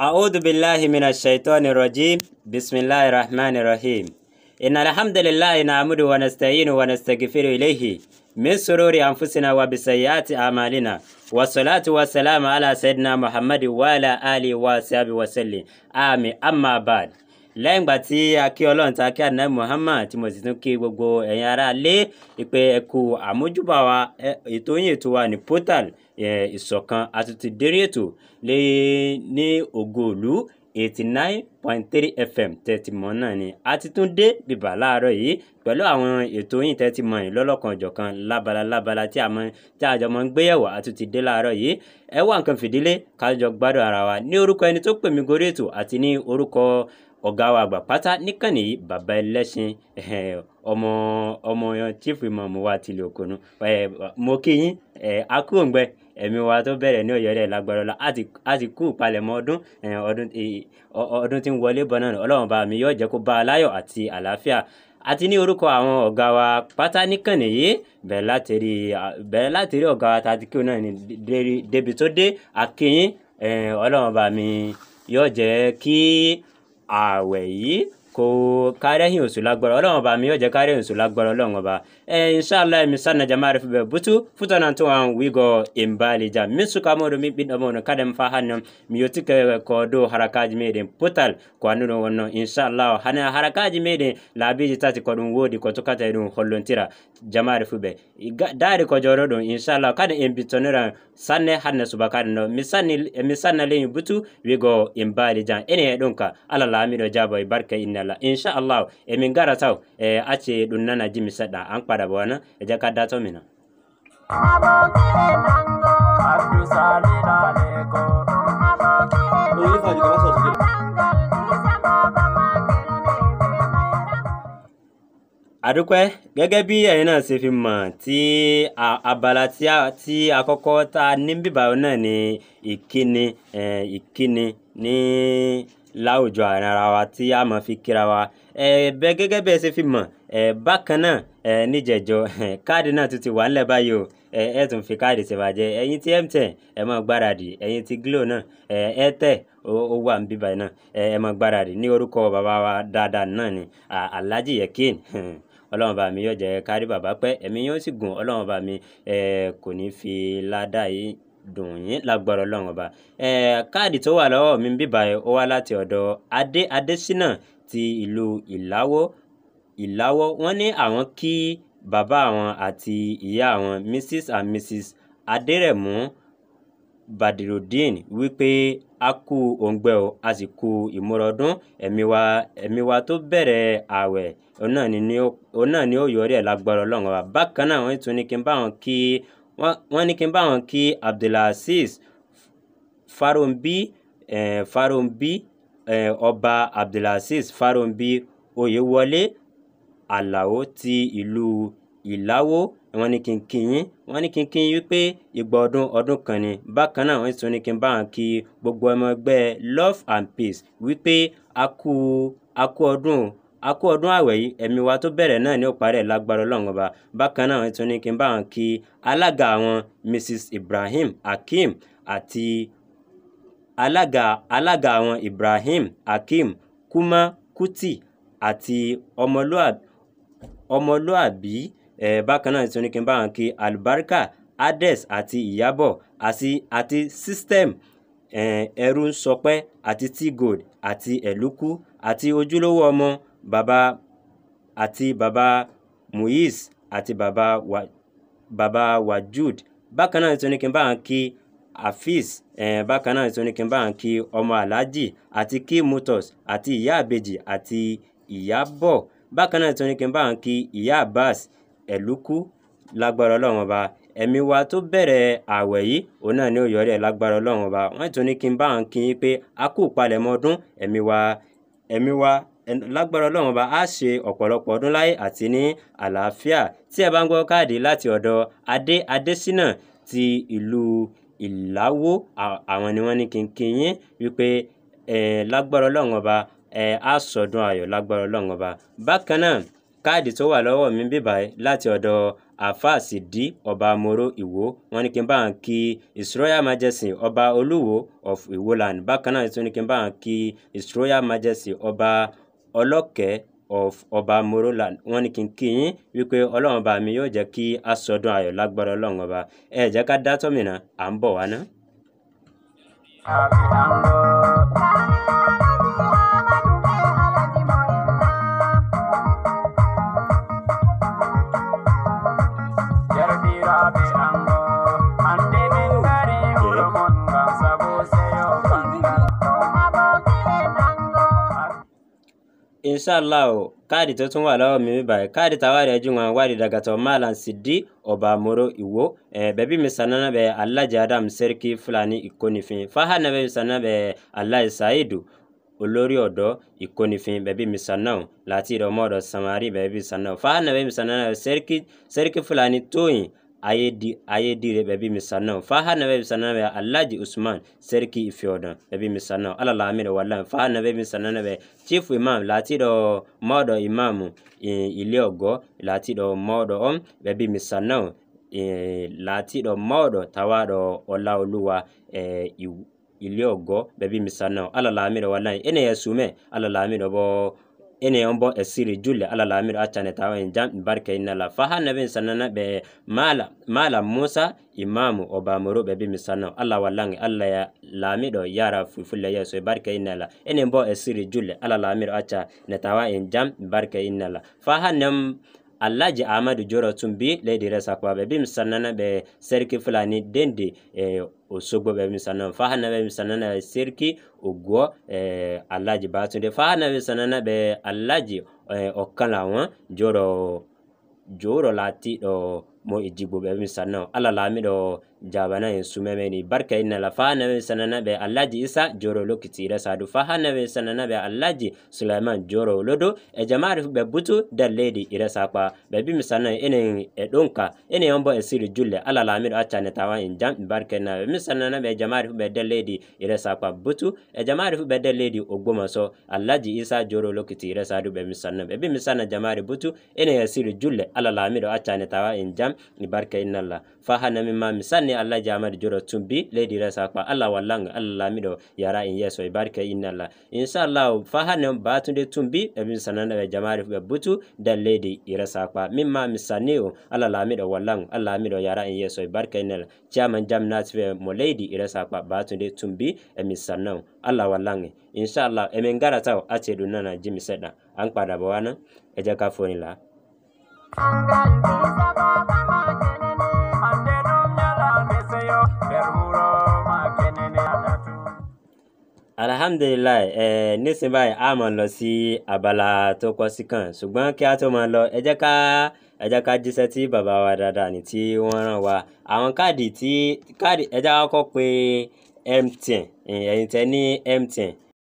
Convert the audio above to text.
أعوذ بالله من الشيطان الرجيم بسم الله الرحمن الرحيم إن الحمد لله نعمد ونستعين ونستغفر إليه من سرور أنفسنا وبسيئات أعمالنا والصلاة والسلام على سيدنا محمد وعلى آله وصحبه وسلم آمين أما بعد lẹ́yìn ìgbà tí a kí ọlọ́run ta kí àdínà Muhammad tí mo sì tún kí gbogbo ẹ̀yin ará lé ìpè ẹ̀kú àmójúbà wa ètò yín ètò wa ní portal ìṣọ̀kan àtúntì dérí ètò lé ní ògo ìlú eighty nine point three fm tẹ́tí mọ́ náà ni a ti tún dé bìbà láàárọ̀ yìí pẹ̀lú àwọn ètò yìí tẹ́tí mọ́ yìí lọ́lọ́kan ọ̀jọ̀kan lábala lábala tí a mọ tí àjọ mọ́ ń gbéyẹ̀wò a tún ti dé láàárọ̀ yìí ẹ wá nǹkan fìdílé ká gbádùn ara wa ní orúkọ ẹni tó pè mí gorí ètò àti ní orúkọ ọ̀gá wa àgbà pátá níkànnì yìí bàbá ẹlẹ́ṣin ọmọ ọmọ chief imam wa tilẹ̀ òkòòrùn mo kí yín akúròǹgbẹ ẹ̀mí wa tó bẹ̀rẹ̀ ní ọ̀yọ́dẹ̀ lágbàrọ̀lá a ti kú ìpalẹ̀mọ́ ọdún ọdún tí ń wọlé bọ̀ náà ọlọ́run bá mi yóò jẹ́ kó bá a láyọ̀ àti àlàáfíà àti ní orúkọ àwọn ọ̀gá wa pátá níkànnì yìí bẹ̀rẹ̀ láti rí ọ̀gá wa tàbí kí náà débi tó dé akínyìn ọlọ́run bá mi yóò jẹ́ kí 二为一。kò kárẹ́hìn oṣù lágbára ọlọ́run ọba mi yóò jẹ́ kárẹ́hìn oṣù lágbára ọlọ́run ọba ẹ inṣàlá ẹ̀mí sanna jama rẹ̀ fúnbẹ̀ butu fúta náà tó wọn wígọ̀ ìmbàlẹ̀jà mísùkà mọ́dọ̀ mi gbin ọmọ ọ̀nà kádẹ́m fáhánà mi yóò ti kẹ́ kọ́ dó harakaji mẹ́rin pótal kó anúlò wọn náà inṣàlá hana harakaji mẹ́rin làbí jìtá ti kọ́dún wóòdì kọ́ tó kàtà ẹ̀dùn holontira jama rẹ̀ fúnbẹ̀ dáàrí kọjọ́ ọ̀rọ̀ dùn inṣàlá kádẹ́ ìmbìtọ́nira sanne hanna suba kádẹ́ náà mi sanna lẹ́yìn butu wígọ̀ ìmbàlẹ̀jà ẹni ẹ̀dùn ká alàlámì la insha allah e min gara taw e eh, acce ɗum nana jimi seɗɗa an paɗa bona e jakadda to mina Adukwe gẹ́gẹ́ bí ẹ̀yin náà ṣe fi mọ̀ tí abala tí àkọ́kọ́ tá a ní náà ni ìkíni ìkíni eh, ní láwùjọ àárín ara wa tí a máa fi kíra wa bẹ gẹ́gẹ́ bẹ́ẹ̀ ṣe fi mọ̀ bákan náà níjẹ̀jọ káàdì náà tún ti wà ńlẹ̀ báyìí o ẹ tún fi káàdì ṣèbàjẹ́ ẹ̀yin tí mtn ẹ máa gbáradì ẹ̀yin tí glo náà ẹ tẹ̀ ó wà ń náà ẹ máa gbáradì ní orúkọ bàbá wa dáadáa náà ni Alhaji Yekini ọlọ́run bá mi yóò jẹ́ kárí bàbá pẹ́ ẹ̀mí yóò sì gùn ọlọ́run bá mi kò ní fi ládàá yìí dùn yín lágbára ọlọ́run ọba káàdì tó wà lọ́wọ́ mi bíbáyìí ó wá láti ọ̀dọ̀ adé adésínà ti ìlú ìláwó ìláwọ́ wọ́n ní àwọn kí bàbá àwọn àti ìyá àwọn mrs and mrs adérẹ̀mú badirudeen wípé a kú òǹgbẹ o a sì kú ìmúrọdún ẹ̀mí wa ẹ̀mí wa tó bẹ̀rẹ̀ ààwẹ̀ òun náà ni ó yọrí ẹ̀ lágbára ọlọ́run wa bákan náà wọ́n tún ní kí n bá wọn kí wọ́n ní kí n bá wọn kí abdulazeez faronbi faronbi ọba abdulazeez faronbi oyewọlé alao ti ìlú ìláwó wọ́n ní kí n kí yín wọ́n ní kí n kí yín wípé ìgbà ọdún ọdún kan ni bákan náà wọ́n sì tún ní kí n bá wọn kí gbogbo ọmọ ẹgbẹ́ love and peace wípé a kú a kú ọdún a kú ọdún àwẹ̀ yìí ẹ̀mí wa tó bẹ̀rẹ̀ náà ni ó lágbára ọlọ́run ọba bákan náà tún ní kí n bá wọn kí alága àwọn mrs ibrahim hakeem àti alága alága àwọn ibrahim hakeem kuma kuti àti ọmọlúàbí ẹ̀ bákan náà tún ní kí n bá wọn kí alubarika ades àti ìyábọ̀ àti àti system ẹ̀rù ń sọpẹ́ àti tgold àti ẹ̀lúkú àti ojúlówó ọmọ baba àti baba muiz àti baba wa baba wajud bákan náà tún ní kí n bá wọn kí afis ẹ̀ẹ́n eh, bákan náà tún ní kí n bá wọn kí ọmọ aláàjì àti kí mutos àti ìyá àbejì àti ìyábọ̀ bákan náà tún ní kí n bá wọn kí ìyá abbas ẹ̀lúkú lágbára ọlọ́run ọba ẹ̀mí wa tó bẹ̀rẹ̀ ààwẹ̀ yìí òun náà ní ó yọrí ẹ̀ lágbára ọlọ́run ọba wọ́n tún kí n bá wọn kí pé a kú palẹ̀mọ́ ọdún ẹ̀mí wa ẹ̀mí wa lágbára Ọlọ́run Ọba á ṣe ọ̀pọ̀lọpọ̀ ọdún láyé àti ní àlàáfíà. Tí ẹ bá ń gbọ́ káàdì láti ọ̀dọ̀ Adé Adéṣínà ti ìlú Ìláwó, àwọn ni wọ́n ní kí n kí yín wípé lágbára Ọlọ́run Ọba á sọdún ayọ̀ lágbára Ọlọ́run Ọba. Bákan náà, káàdì tó wà lọ́wọ́ mi níbí báyìí láti ọ̀dọ̀ àáfàá sídìí ọba amóró ìwó wọn ní kí n bá wọn kí his majesty ọba olúwo of ìwó bákan náà tún ní kí n bá wọn kí his majesty ọba ọlọ́kẹ́ of ọba moroland wọ́n ní kí n kí yín wípé ọlọ́run ọba mi yóò jẹ́ kí a sọdún ayọ̀ lágbára ọlọ́run ọba ẹ jẹ́ ká dá tọ́mìnà à ń bọ̀ wá ná. àbí à inshallah o káàdì tó tún wà lọ́wọ́ mi báyìí káàdì táwa rẹ̀ jù wọn wáàdì dàgàtọ̀ malam sidi ọba moro iwo bẹ̀bí mi sanana bẹ alhaji adam seriki fulani ìkónifin fahana bẹ mi sanana bẹ alhaji saidu olórí ọ̀dọ́ ìkónifin bẹ̀bí mi sanau láti ìrọmọ ọ̀dọ́ samari bẹ̀bí sanau fahana bẹ mi sanana bẹ seriki seriki fulani tóyìn ayedire ɓeɓi misannaw fa ha naɓe misannaɓe alhaji usman serki ifioɗon ɓeɓi misannaw allah lamiɗo wallam fa ha naɓe misannanaɓe chief imam latiɗo mawɗo imamu ile oggo latiɗo mawɗo on ɓeɓi misannaw latiɗo mawɗo tawaɗo olawoluwa e ile oggo ɓeɓi misannaw allah lamiɗo wallam ene yesume allah lamiɗo bo ene yombo esiri julle ala lamiro accane tawa en jam barke la fa ha nabin sanana be mala mala musa imamu o bamoruɓe bi mi sanno allah wallange allah ya laamiɗo yara fufulle yeeso e barke innala enen bo esiri julle ala lamiro acca ne tawa en jam barke la fa ha nem allaji amadou joro tun bi leydi resakoɓe bi misannana ɓe serki fulani dendi e o sogboɓe misannan fa hannaɓe misannana ɓe serki o goo e allaji batude fa hannaɓe misannana ɓe allaji o kala wa joro joro latiɗo mo e jiggoɓe mi sanna o allah laamiɗo jabana in sumemeni barka inna la fa nabe sanana be alaji isa joro lokiti kitira sadu fa ha nabe sanana be alaji sulaiman joro lodo e jamari be butu da lady ira sapa be bi misana ene e donka ene yombo e siri julle ala la amir acha ne tawa in jam barka na be misana be jamari be da lady ira sapa butu e jamari be da lady ogboma so alaji isa joro lokiti ira sadu be misana be bi misana jamari butu ene e siri julle ala la amir acha ne tawa in jam barka inna la fa ha nabe ma misana ni alla jamar juro tumbi lady resa kwa alla wallang alla mido yara in yeso ibarka inna alla inshallah fa hanen batunde tumbi abin sanana be jamar be butu da lady iresa kwa mimma misaniu Allah lamido wallang alla mido yara in yeso ibarka inna alla jaman jamnat be mo lady iresa kwa batunde tumbi emi sanau alla wallang inshallah emen garataw ace dunana jimi seda an kwada bawana eja kafonila Thank you. alihamudulilayi um nísìnyí báyìí a máa lọ sí abala tó kọ sí kàn ṣùgbọ́n kí a tó máa lọ ẹ jẹ́ ká ẹ jẹ́ ká jíṣẹ́ tí bàbá wa dáadáa ní tí wọ́n rán wa àwọn káàdì tí káàdì ẹ jẹ́ ká kọ́kọ́ pé mtn ẹ̀yin tẹ́ ní mtn